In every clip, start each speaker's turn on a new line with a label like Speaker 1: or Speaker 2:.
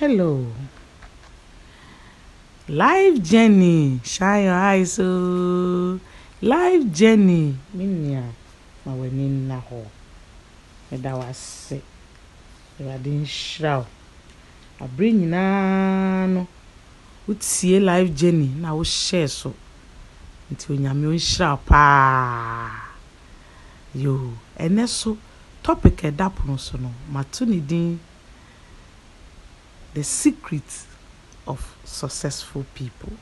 Speaker 1: Hello. Life journey, shine your eyes o. Life journey, me nua ma w'ani nna hɔ. Ɛda w'ase, Awurade nhyira wo. Abere nyinaa no, wotie life journey na wohyɛɛ so. Nti Onyame onhyira wo paa. Yo, ɛnɛ so topic ɛda pono so no, mato ne din. The secret of successful people.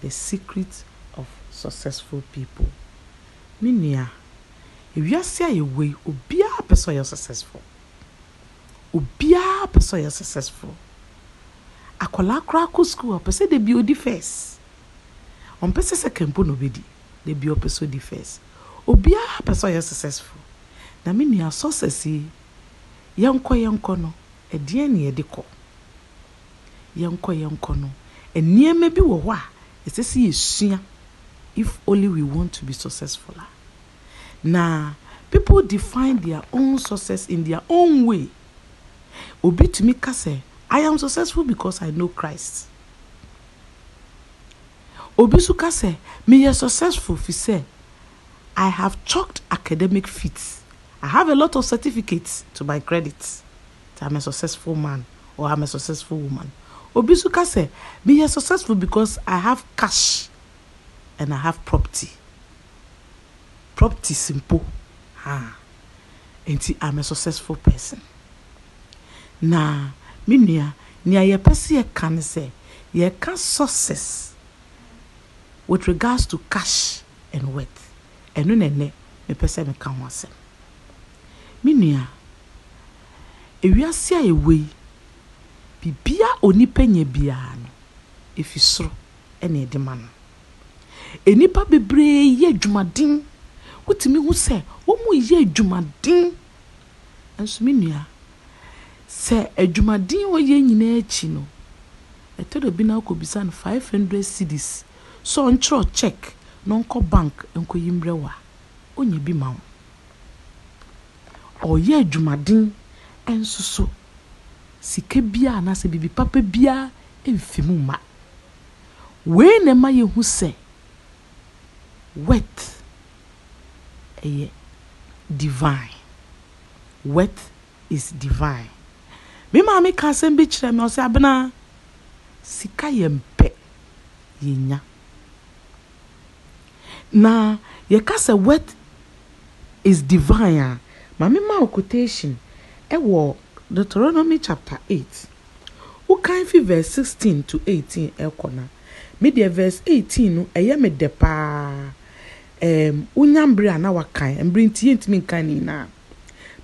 Speaker 1: The secret of successful people. Me nua, ewiase a yɛwɔ yi, obiara pɛ sɛ ɔyɛ successful. Obiara pɛ sɛ ɔyɛ successful. Akwadaa koraa kɔ school a ɔpɛ sɛ debi odi first. Ɔmpɛ sɛ second mpo na obedi. Debi ɔpɛ sɛ odi first. Obiara pɛ sɛ ɔyɛ successful. Na me nua success yi, yɛnkɔ yɛnkɔ no, ɛdeɛn na yɛde kɔ? yɛnkɔ yɛnkɔ no nneɛma bi wɔ hɔ a ɛsɛ sɛ yɛsua if only we want to be successful na people define their own success in their own way obi tumi ka sɛ i am successful because i know christ obi nso ka sɛ meyɛ successful fi sɛ i have chalked academic feats i have a lot of certificates to my credit i'm a successful man or i'm a successful woman obi nso ka sɛ meyɛ successful because i have cash and i have property property simple ha nti i'm a successful person na me nua nea yɛpɛ sɛ yɛka ne sɛ yɛka success with regards to cash and wealth ɛno na ɛnɛ mepɛ sɛ meka ho asɛm me nua ewiase a yɛwɔ yi bibia onipa nya biara no efi soro ɛna ɛde ma no enipa bebree yɛ adwumaden wotumi ho sɛ wɔn yɛ adwumaden nso mi nua sɛ adwumaden a wɔyɛ nyinaa akyi no ɛtɛ do bi na akɔ bisa no five hundred cedis so ɔnkyerɛ check na ɔnkɔ bank nkɔyi mbrɛ wa bi ma wo ɔyɛ adwumaden nso so sika biara anaasɛ biribi papa biara mfi mu ma wei na ɛma yɛhu sɛ worth ɛyɛ divine Wet is divine me maame ka asɛm bi kyerɛ me ɔsɛ abena sika yɛ mpɛ yɛnya na yɛka sɛ wet is divine a maame ma quotation ɛwɔ. E Deuteronomy chapter 8. can fi verse 16 to 18 ɛkɔ Media verse 18 no ɛyɛ me dɛ paa. Um, wonya na wakan mbere nti yɛntumi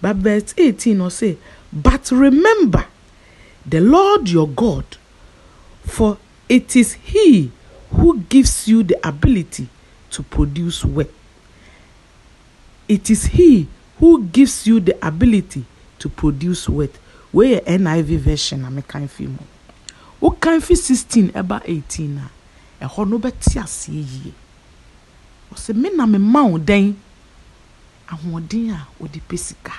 Speaker 1: But verse 18 no say, But remember the Lord your God, for it is He who gives you the ability to produce well. It is He who gives you the ability to produce wealth wei yɛ niv version na mekan fi mu wokan fi sixteen? ɛba eighteen. a ɛhɔ no bɛte aseɛ yie ɔsɛ me na me ma wo dɛn ahoɔden a wɔde pɛ sika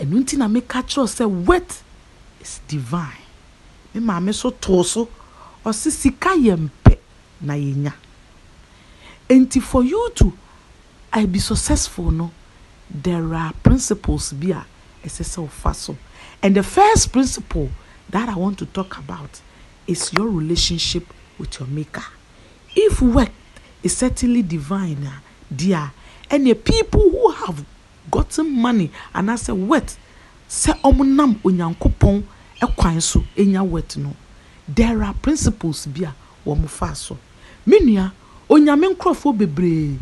Speaker 1: ɛno nti na meka kyerɛ sɛ wet is divine me maame so too so ɔsɛ sika yɛ mpɛ na yɛnya nti for you to i be successful no there are principles via a ɛsɛ sɛ so and the first principle that i want to talk about is your relationship with your maker if work is certainly divine dear and the people who have gotten money and I say wet se omunam nam onyankopɔn ekwa so enya wet no there are principles bi a wɔn fa so menua onyame nkrofo bebree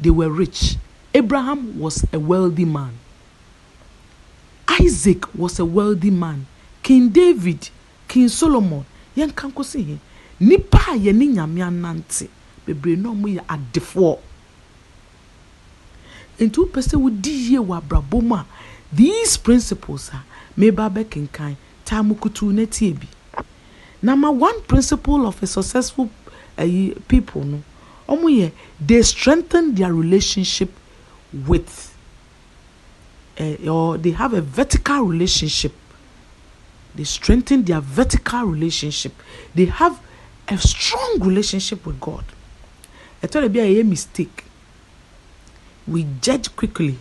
Speaker 1: they were rich Abraham was a wealthy man. Isaac was a wealthy man. King David, King Solomon, yɛn ka nko si yɛn. Nipa a yɛne nyame anante bebree na ɔmo yɛ adefoɔ. Nti wopɛ sɛ wodi yie wɔ abrabɔ mu a these principles a meba bɛkenkan taa mo kutu na tie bi. Number one principle of a successful uh, people no, ɔmo yɛ they strengthen their relationship with uh, or they have a vertical relationship they strengthen their vertical relationship they have a strong relationship with god I you, be a mistake we judge quickly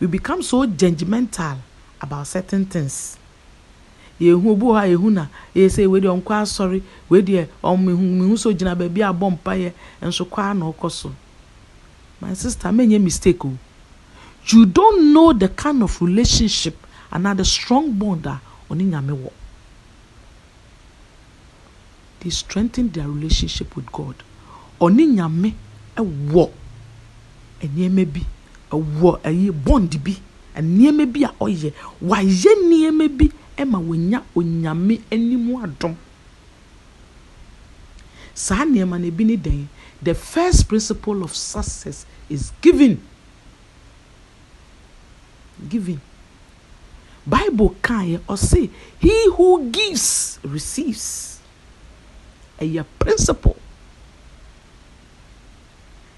Speaker 1: we become so judgmental about certain things yɛhu ha yɛhu na yɛ sɛ wei deɛ ɔnkɔ asɔre wei deɛ ɔmehu so gyina baabi abɔ mpayɛ nso kɔ na ɔkɔ so my sister, make your mistake. Oh. You don't know the kind of relationship and the strong bond that Oninyame They strengthen their relationship with God. Oninyame ɛwɔ nneɛma bi a ɛwɔ ɛyɛ bond bi nneɛma bi a oye. ɔyɛ wayɛ nneɛma bi ɛma wonya onyame anim adom. saa nneɛma no ebi ne dɛn the first principle of success is giving giving bible kan yɛ ɔse he who gives receives ɛyɛ principle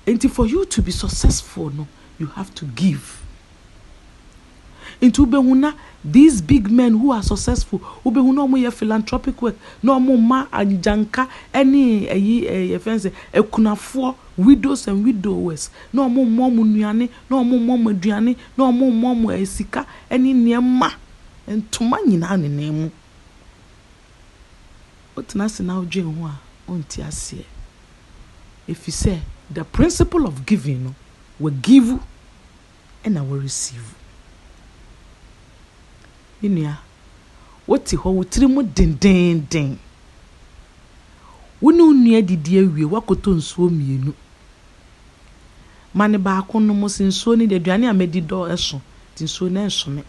Speaker 1: nti for you to be successful no you have to give nti wobɛhu na these big men who are successful wobɛhu na ɔmo yɛ philanthropic work na ɔmo ma agyanka ɛne eh, eh, eh, ɛyi ɛyɛ fɛn sɛ ɛkunafoɔ widows and widowers na ɔmo mmɔ ɔmo nnuane na ɔmo mmɔ ɔmo aduane na ɔmo mmɔ ɔmo ɛsika ɛne nneɛma ntoma nyinaa nenam mu wotena ase na wodwen ho a ɔnte aseɛ efisɛ the principle of giving no wɔ give ɛna wɔ receive me nua wote hɔ wo tiri mu dendenden wo ne wo nua didi awie woakoto nsuo mmienu ma ne baako nom si nsuo no de aduane a madi dɔ ɛso nti nsuo no ɛnsome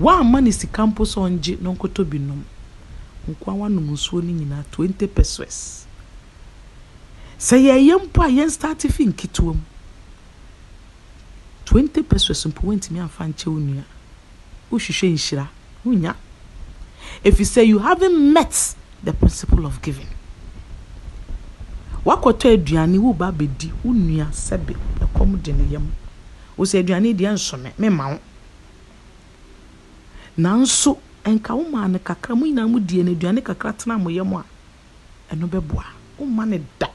Speaker 1: woamma ne sika mpo sɛ ɔngye na ɔnkɔtɔ bi nom nkoa woanom nsuo no nyinaa 20 pesos sɛ yɛyɛ mpo a yɛn starte fi nketewa mu 20 pesos mpo wontumi amfa nkyɛ wo nua wohwehwɛ nhyira wonya ɛfiri If you say you haven't met the principle of giving wakɔtɔ aduane woba bɛdi wo nua sɛbe ɛkɔm de ne yam wo sɛ aduane deɛ nsome mema wo nanso ɛnka wo maa no kakra mo nyinaa mu die no aduane kakra tena mo yam a ɛno bɛboa woma ne da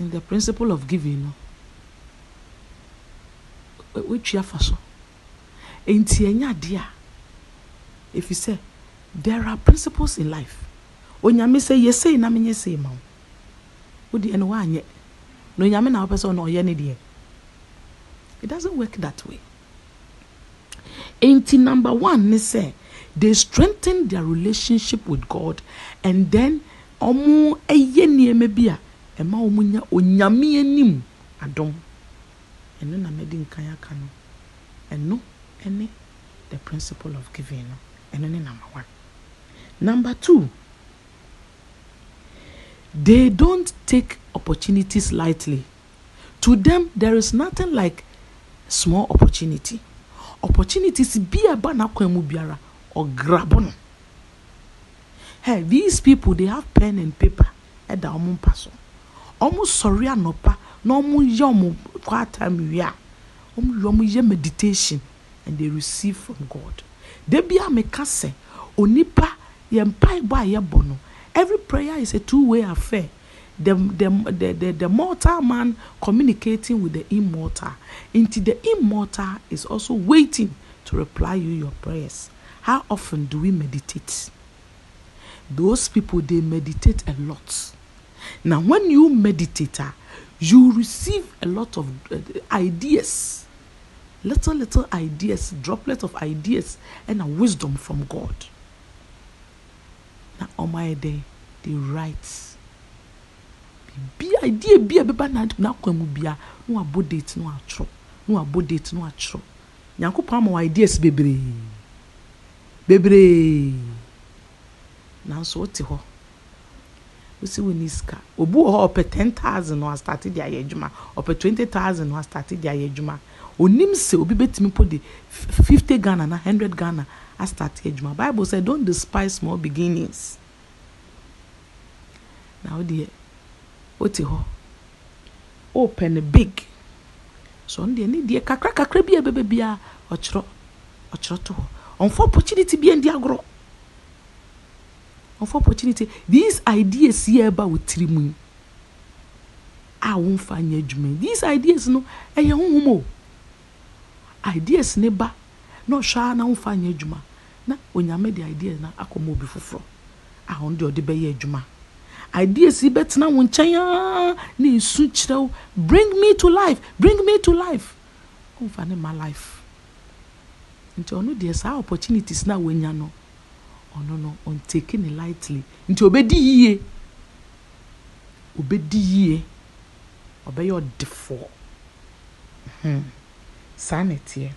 Speaker 1: in the principle of giving no atu afa so nti ɛnyɛ adeɛ a efi sɛ there are principles in life onyame sɛ yɛ sei na menyɛ sei ma wo wo deɛ no woanyɛ na onyame na wopɛ sɛ ɔna ɔyɛ ne deɛ it doesn't work that way enti number one ne sɛ they strengthen their relationship with god and then ɔmo ɛyɛ nneɛma bi a ɛma ɔmo nya onyame anim adom ɛno na nkan aka no ɛno the principle of giving no ɛno ne number one number two they don't take opportunities lightly to them there is nothing like small opportunity opportunities bi a ba n'akwan mu biara ɔgrabo no hey these people they have pen and paper ɛda wɔn mpa so wɔn sɔre anɔpa na wɔn yɛ wɔn quiet time wie a yɛ wɔn yɛ meditation and they receive from God debi a meka sɛ onipa yɛn mpaebɔ a yɛbɔ no every prayer is a two way affair. The, the, the, the, the mortal man communicating with the immortal. Into the immortal is also waiting to reply you your prayers. How often do we meditate? Those people, they meditate a lot. Now, when you meditate, ah, you receive a lot of uh, ideas, little, little ideas, droplet of ideas, and a wisdom from God. Now, on my day, they write. Be idea, be a baby, now na be a no abo date, no atro, no abo date, no atro. Nyankopɔn ama ideas bebree bebree nanso wote hɔ. wosi wo ni sika obi wɔ hɔ ɔpɛ ten thousand na wastate de ayɛ adwuma ɔpɛ twenty thousand na wastate de ayɛ adwuma onim sɛ obi betumi po de fifty ghana na hundred ghana astate adwuma bible sɛ don't despise small beginnings na wo deɛ wote hɔ ɔpɛ ne big so ɔno deɛ ne deɛ kakra kakra bi a ɛbɛbɛ bi a ɔkyerɛ ɔkyerɛ to hɔ ɔnfɔ opportunity bi a ndi agorɔ of opportunity these ideas yi a ɛba wɔ tiri mu yi a wɔmfa nyɛ adwuma yi these ideas no ɛyɛ honhom o ideas ne ba na ɔhwɛ a na wɔmfa nyɛ adwuma na onyame de ideas na akɔma obi foforɔ a wɔn de ɔde bɛyɛ adwuma ideas yi bɛtena wɔn nkyɛn aa na esu kyerɛw bring me to life bring me to life wɔmfa ne ma life nti ɔno deɛ saa opportunities na wɔnya no ɔno oh, no no! taking it lightly nti obɛdi yie obɛdi yie ɔbɛyɛ ɔdefoɔ hmm. saa na ɛteɛ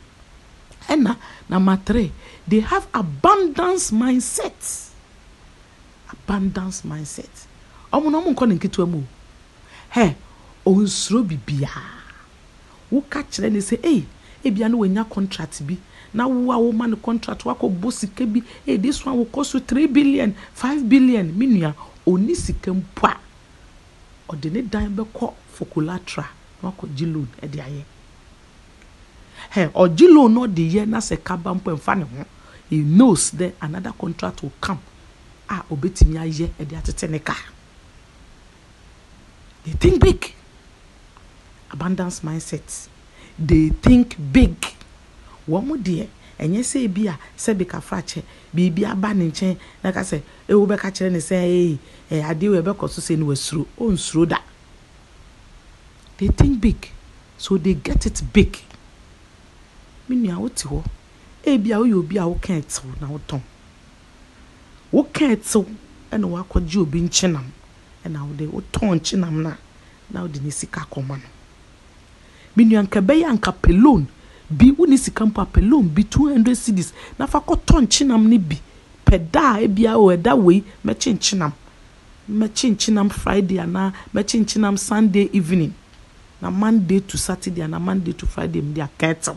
Speaker 1: ɛna number three they have abundance mindset abundance mindset ɔmo na ɔmo nkɔ ne nketewa mu o hɛ ɔnsoro bibiara woka kyerɛ ne sɛ ɛyi ebia no wɔnya contract bi na wo a woma no contract wakɔbɔ sika bi hey, this one will cost you three billion five billion me nua ɔni sika mpo a ɔde ne dan bɛkɔ for collateral na wakɔgye loan de ayɛ hɛ ɔgye loan no de yɛ na sɛ kaba mpo mfa ne ho he knows that another contract will come a obetumi ayɛ de atete ne car they think big abundance mindset they think big wɔn deɛ ɛnyɛ sɛ ebi a sɛ bi kafa kyɛ biribi aba ne nkyɛn na ka sɛ ewu bɛka kyerɛ ne sɛ ɛyɛ ɛyɛ adeɛ wo ɛbɛkɔ so sɛ ne wasuro onsuro da they think big so they get it big me nua wote hɔ ebi a woyɛ obi e a woka ɛtew na wotɔn woka ɛtew ɛna wakɔgye obi nkyenam ɛna wode wotɔn nkyenam na na wode ne sika kɔma no me nua nka bɛyɛ anka pelon bi wone sika mpo apɛ loan bi two hundred cedis na fa kɔtɔ nkyenam no bi pɛ da e a ebia o ɛda e wei mɛkye nkyenam mɛkye nkyenam friday anaa mɛkye nkyenam sunday evening na monday to saturday anaa monday to friday mde akɛɛtew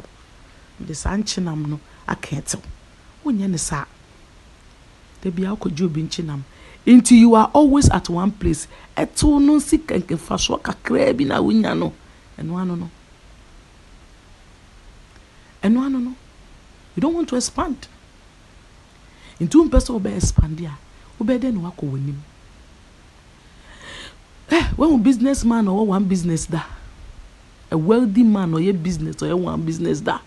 Speaker 1: mde saa nkyenam no akɛɛtew wonyɛ ne saa dabi a wokɔgye obi nkyenam nti you are always at one place ɛtew e no nsi kɛnkɛfa soɔ kakraa bi na wonya no ɛno ano no ɛno ano no you don't want to expand nti wompɛ sɛ wobɛ expand eh, a wobɛyɛ dɛn na wakɔ w'anim eh wɔn business man ɔwɔ one business da a wealthy man ɔyɛ business ɔyɛ one business da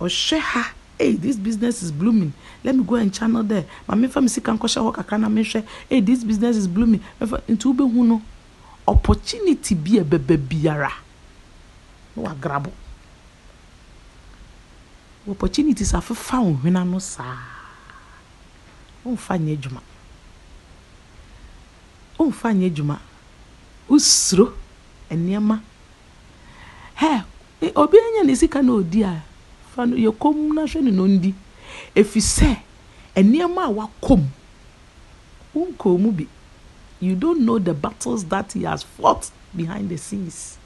Speaker 1: ɔhwɛ oh, ha hey this business is blooming let me go and channel there My maame family see sika nkɔhyɛ hɔ kakra na mehwɛ hey this business is blooming ɛfɛ nti wobɛhu no opportunity be a bebe biara No wagrabo opportunities afefa wo hwena no saa womfa nyɛ adwuma womfa nyɛ adwuma wosuro nneɛma hɛ obi anya ne sika na odi a fa no yɛkɔm na hwɛ ne no ndi ɛfiri nneɛma a wakɔm wonkɔɔ mu bi you don't know the battles that he has fought behind the scenes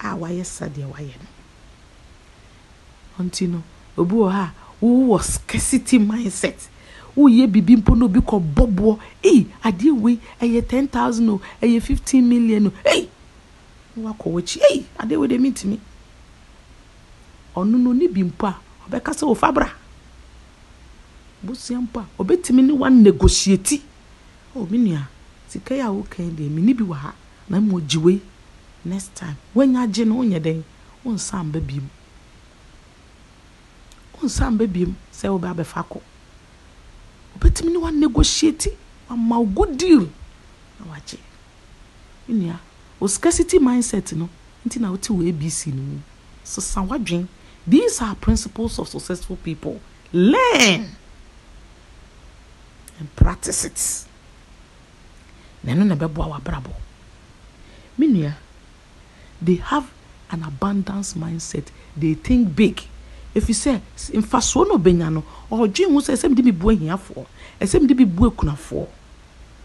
Speaker 1: a wayɛ sɛdeɛ wayɛ no nti no obi wɔ ha wowɔ scarcity mindset woyɛ bibi mpo na obi kɔ bɔboɔ ei adeɛ wei ɛyɛ ten thousand o ɛyɛ fifteen million o ei wakɔ wɔkyi ei adeɛ wei de mi ntumi ɔno no ne bi mpo a ɔbɛka sɛ wofa bra bosua mpo a ɔbɛtumi ne wan negotiate o mi nua sika yi a wokan deɛ mi ni bi wɔ ha na mo gyi wei next time wɔnyɛ agye no wonyɛ den. wonsan ba bi nsan bɛbiam sɛ wobɛ abɛfa kɔ wobɛtumi negotiate. wanegotiate wama wo good deal na wagye nua wo scarcity mindset no nti na wote wɔ abc no mu sesa wadwen these are principles of successful people learn and practice it na ɛno na ɛbɛboa w'abrabɔ me nua they have an abundance mindset they think big ɛfiri sɛ mfasoɔ na ɔbɛnya no ɔdwe ho sɛ ɛsɛm de bi bu ahiafoɔ ɛsɛm de bi bu akunafoɔ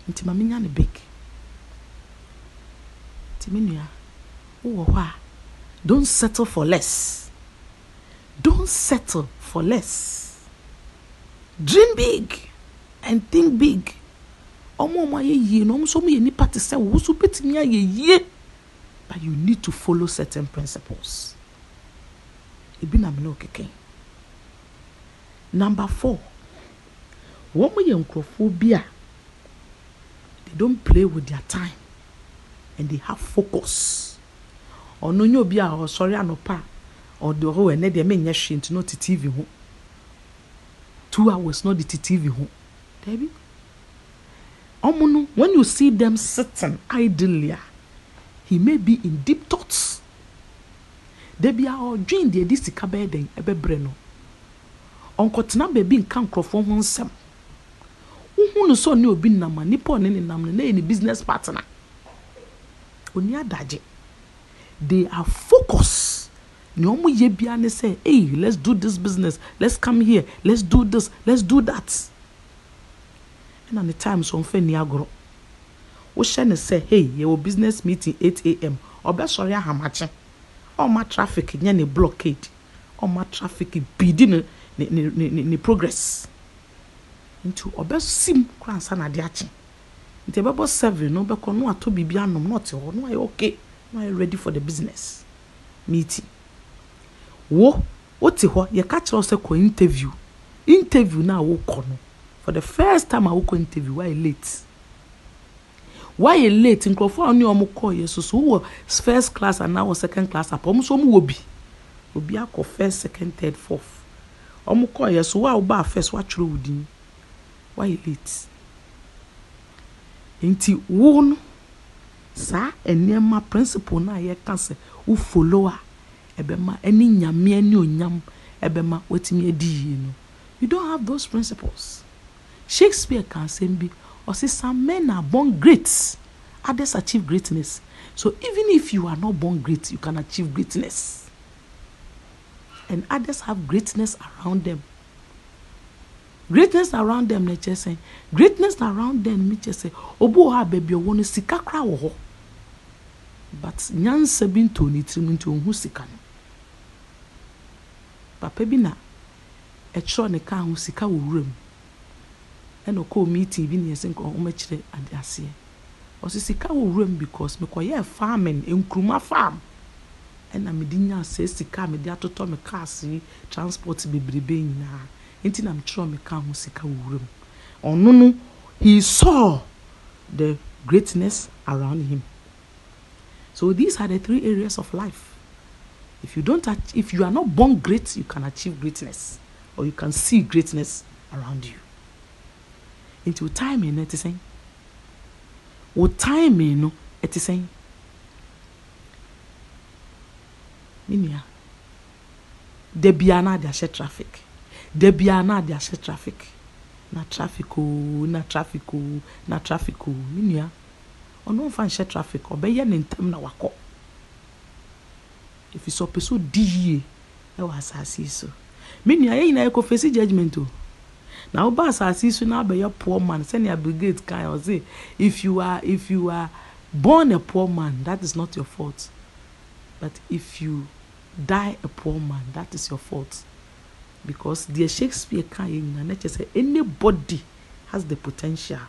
Speaker 1: nti ma menya ne big nti me nua wowɔ hɔ a don't settle for less don't settle for less dream big and think big ọmọ ọmọ ayé yie na ọmọ sọ ọmọ yẹ nípa ti sẹ wọ́n so bẹ́tìmí ayé yie but you need to follow certain principles ebi nam ne okeke number four wɔn yɛ nkurɔfoɔ bi a they don't play with their time and they have focus ɔno nye obi a ɔsɔre anɔpa ɔde ɔhɔ wɔ ɛnɛ deɛ menyɛ hwee nti na ɔte tv ho two hours na ɔde te tv ho dabi ɔmo no when you see them sitting idly he may be in deep thoughts debi a ɔdwen deɛ de sika bɛyɛ den ɛbɛbrɛ no ɔnkɔtena baabi nka nkurɔfoɔ ho nsɛm wohu no sɛ ɔne obi nam a nipa ɔne ne nam no na yɛ ne business partner oni adagye they are focused nea wɔn yɛ biara ne sɛ hey let's do this business let's come here let's do this let's do that ɛna ne time so ɔnfɛ ni agorɔ wohyɛ ne sɛ hey yɛwɔ business meeting eight a.m. ɔbɛsɔre ahamakye. ọma trafik nye ne blockade ọma trafik bidi ne ne ne ne progress nti ɔbɛsi mu kora ansa na ade akye nti ɛbɛbɔ seven no bɛkɔ no atɔ biribi anom na ɔte hɔ no ayɛ okay na ayɛ ready for the business meeting wo wote hɔ yɛka kyerɛ sɛ kọ interview interview na a kọ no for the first time a kọ interview wayɛ late. wayɛ late nkurɔfoɔ a ɔne ɔmo kɔɔyɛ soso wowɔ first class anaa wɔ second class apɔ ɔmo nso ɔmo wɔ bi obi akɔ first second third fourth ɔmo kɔɔyɛ so wo a first watwerɛ wo din wayɛ late nti wo no saa nneɛma principle no a yɛka sɛ wo follow a ɛbɛma ɛne nyame ne onyam ɛbɛma watumi adi yie no you don't have those principles shakespeare ka asɛm bi ɔsi some men are born great others achieve greatness so even if you are not born great you can achieve greatness and others have greatness around them greatness around them na kyerɛ sɛ greatness around them mi kyerɛ sɛ obi wɔ hɔ a baabi ɔwɔ no sika kora wɔ hɔ but nyansa bi ntɔ ne tirim nti ohun sika no papa bi na ɛtwerɛ ne kaa ho sika wɔ wura mu. ɛna ɔkɔɔ meeting bi ne yɛsɛ nka ɔmo akyerɛ ade aseɛ ɔsi sika wɔ wuram because mekɔyɛɛ farming nkuruma farm ɛna mede nya sɛ sika a mede atotɔ me cars yi transport bebrebe nyinaa nti na mekyerɛ me car ho sika wɔ wuram ɔno no he saw the greatness around him so these are the three areas of life if you don't if you are not born great you can achieve greatness or you can see greatness around you nti wo timing no ɛte sɛn wo timing no ɛte sɛn me nua da biara ahyɛ traffic da biara na ade ahyɛ traffic na traffic oo na traffic oo na traffic oo me nua ɔno nfa nhyɛ traffic ɔbɛyɛ ne ntam na wakɔ efisɛ ɔpɛ so di yie ɛwɔ asaase yi so me nua yɛn nyinaa yɛ kɔ fesi judgement o. na wo I asase so na abɛyɛ poor man sɛnea brigade kan ɔse if you are if you are born a poor man that is not your fault but if you die a poor man that is your fault because deɛ shakespeare kan yɛ nyina n'ekyɛ anybody has the potential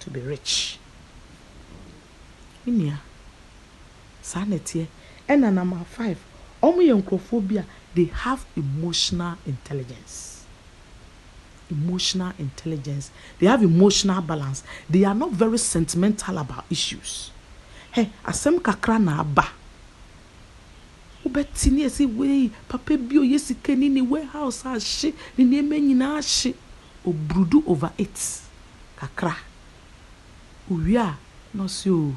Speaker 1: to be rich nnua saa na ɛteɛ ɛna number five wɔn yɛ nkurɔfoɔ bi a they have emotional intelligence. emotional intelligence, they have emotional balance, they are not very sentimental about issues. Hey, asem kakra na aba. Wobɛti ne esi wei papa bi oyɛ sika ni ne warehouse ni ne nneɛma nyinaa ahye oburudu over it kakra owie a na ɔsi o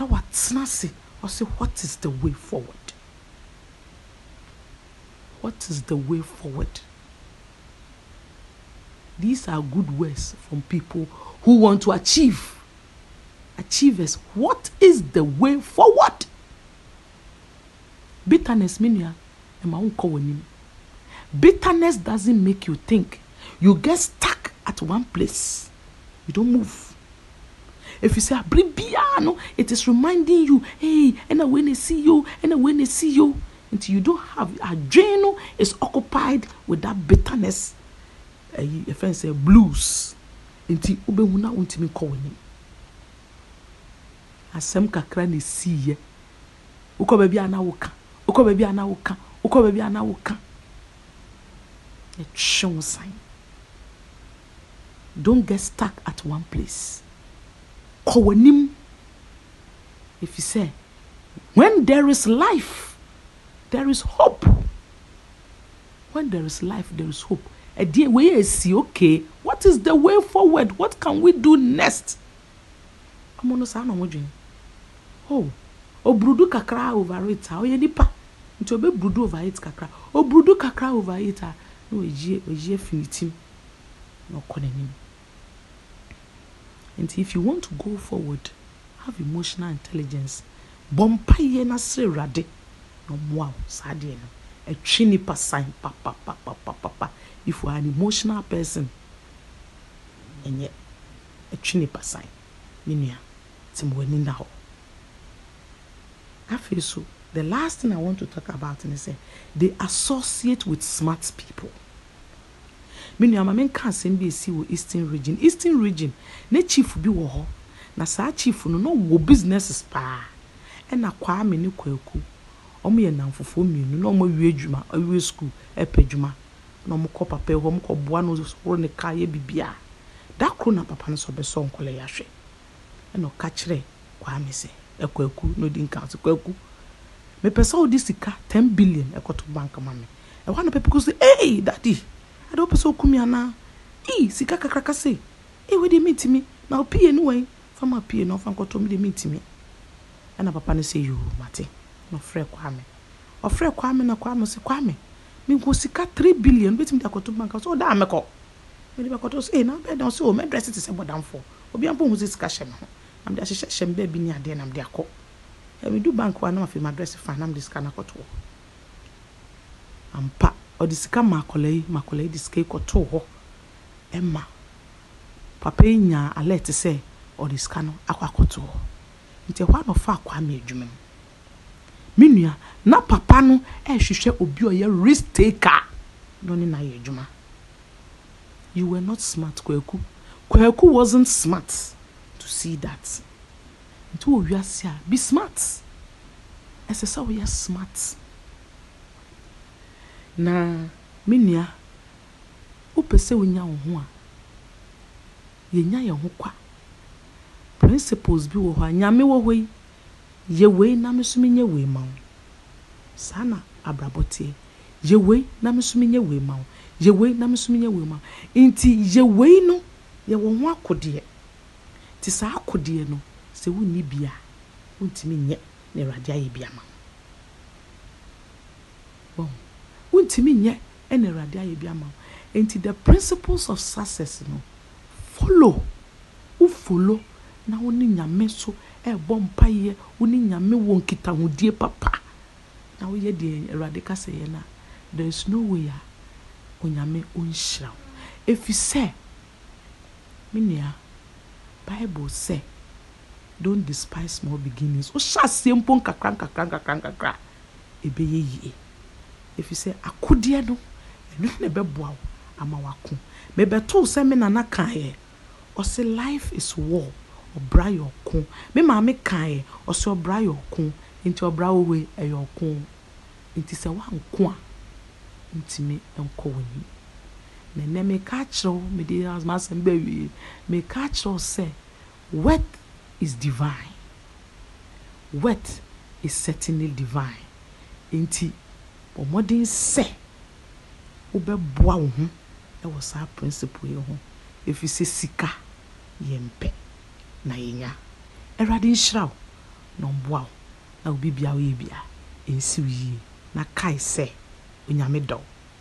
Speaker 1: na watena ase ɔsi what is the way forward what is the way forward. These are good words from people who want to achieve. Achievers, what is the way forward? Bitterness Bitterness doesn't make you think. You get stuck at one place. You don't move. If you say abribiano, it is reminding you, hey, and when they see you, and when they see you, until you don't have adrenal is occupied with that bitterness ɛyi yɛfɛ sɛ blues nti wobɛhu na wontumi kɔ w'anim asɛm kakra na esiiɛ wokɔ baabi a na woka wokɔ baabi a na woka wokɔ baabi a na woka ɛtwe wo san don't get stuck at one place kɔ w'anim ɛfiri sɛ when there is life there is hope when there is life there is hope ɛdeɛ wei yɛ esi okay what is the way forward what can we do next ɔmo no saa na ɔmo dwen oh oburudu kakra over it a ɔyɛ nipa nti obe burudu over it kakra oburudu kakra over it a na oegyie oegyie firi tim na ɔkɔ n'anim nti if you want to go forward have emotional intelligence bɔ mpaeɛ na sere wurade na ɔmoa saa deɛ no. a chinipa sign pa pa pa pa pa pa pa if you are an emotional person and yet a chinipa sign minia timweni na ho afei so the last thing i want to talk about is say they associate with smart people menua ma menka asɛm bi esi wɔ eastern region eastern region ne chief bi wo ho. na saa chief no na business businesses paa ɛna kwame ne kwaku wɔn yɛ nnamfofoɔ mmienu na wɔn awie adwuma awie sukuu ɛpɛ adwuma na wɔn kɔ papa hɔ wɔn kɔ boa no wɔn ne kaa yɛ bibia daa na papa no sɔ bɛ sɔ nkɔla yɛ ahwɛ ɛna ɔka kyerɛ kwame sɛ ɛkɔ eku na odi nkan so kɔ aku mepɛ sɛ ɔde sika ten billion ɛkɔto bank ma mi ɛwɔ anapa piko sɛ ee dadi ade wɔpɛ sɛ oku mi anaa ee sika kakra kase ee wɔ de mi ntumi na opie no wɔn fama pie na ɔfa nkɔtɔ mi de mi ntumi ɛna papa no sɛ yoo mate na ɔfrɛ kwame ɔfrɛ kwame na kwame si kwame menkɔ sika three billion bɛtumi de akɔto banka sɛ ɔda mɛkɔ mede bɛkɔto sɛ eh, na bɛda sɛ o mɛdrɛse te sɛ bɔdamfoɔ obia mpo hu sɛ sika hyɛ me ho na mede ahyehyɛ hyɛ me baabi ne adeɛ na mede akɔ medu bank hɔ a na mafei madrɛse fa na mede sika no akɔtoɔ ampa ɔde sika ma akɔla yi ma akɔla yi de sika yi kɔtoo hɔ ɛma papa yi nyaa alert sɛ ɔde sika no akɔ akɔtoɔ nti ɛhɔ a akɔ ama adwuma mu me na papa no ɛrehwehwɛ obi ɔyɛ risk taker na ɔne n'ayɛ adwuma you were not smart kwaku kwaku wasn't smart to see that nti wɔ asị a be smart ɛsɛ sɛ woyɛ smart na me o wopɛ sɛ wonya wo ho a yɛnya yɛn ho kwa principles bi wɔ hɔ a nyame wɔ hɔ yi yɛ wei na mi nso menyɛ wei ma wo saa na abrabɔ teɛ yɛ wei na mi nso menyɛ wei ma wo yɛ wei na me nso menyɛ wei ma wo nti yɛ wei no yɛwɔ ho akodeɛ nti saa akodeɛ no sɛ wonni bia wontumi nyɛ na awurade ayɛ bi ama wo wontumi nyɛ na awurade ayɛ bi ma. wo nti the principles of success no follow wo follow na wo ne nyame so ɛbɔ mpaeɛ wo ne nyame wɔ nkitahodie papa na woyɛ deɛ awurade kasa no a there is no way a onyame ɔnhyira wo ɛfiri sɛ me nua bible sɛ don't despise small beginnings wohyɛ aseɛ mpo nkakra nkakra nkakra nkakra ɛbɛyɛ yie ɛfiri sɛ akodeɛ no ɛno na ɛbɛboa wo ama wako mebɛtoo sɛ me nana kaeɛ ɔse life is war ɔbra yɛ ɔko me maame kaeɛ ɔsɛ ɔbra yɛ ɔko nti ɔbra wowe ɛyɛ ɔko nti sɛ woanko a ntumi nkɔ w'anim na nnɛ meka kyerɛw mede asɛm bɛwie meka kyerɛw sɛ wet is divine wet is certainly divine nti ɔmmɔden sɛ wobɛboa wo ho ɛwɔ saa principle yi ho ɛfiri sɛ sika yɛ mpɛ na yɛnya awurade nhyira wo na ɔmboa wo na wo biribia woyɛ bia ɛnsiw yie na kae sɛ onyame dɔ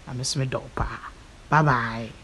Speaker 1: na me so medɔ wo paa babae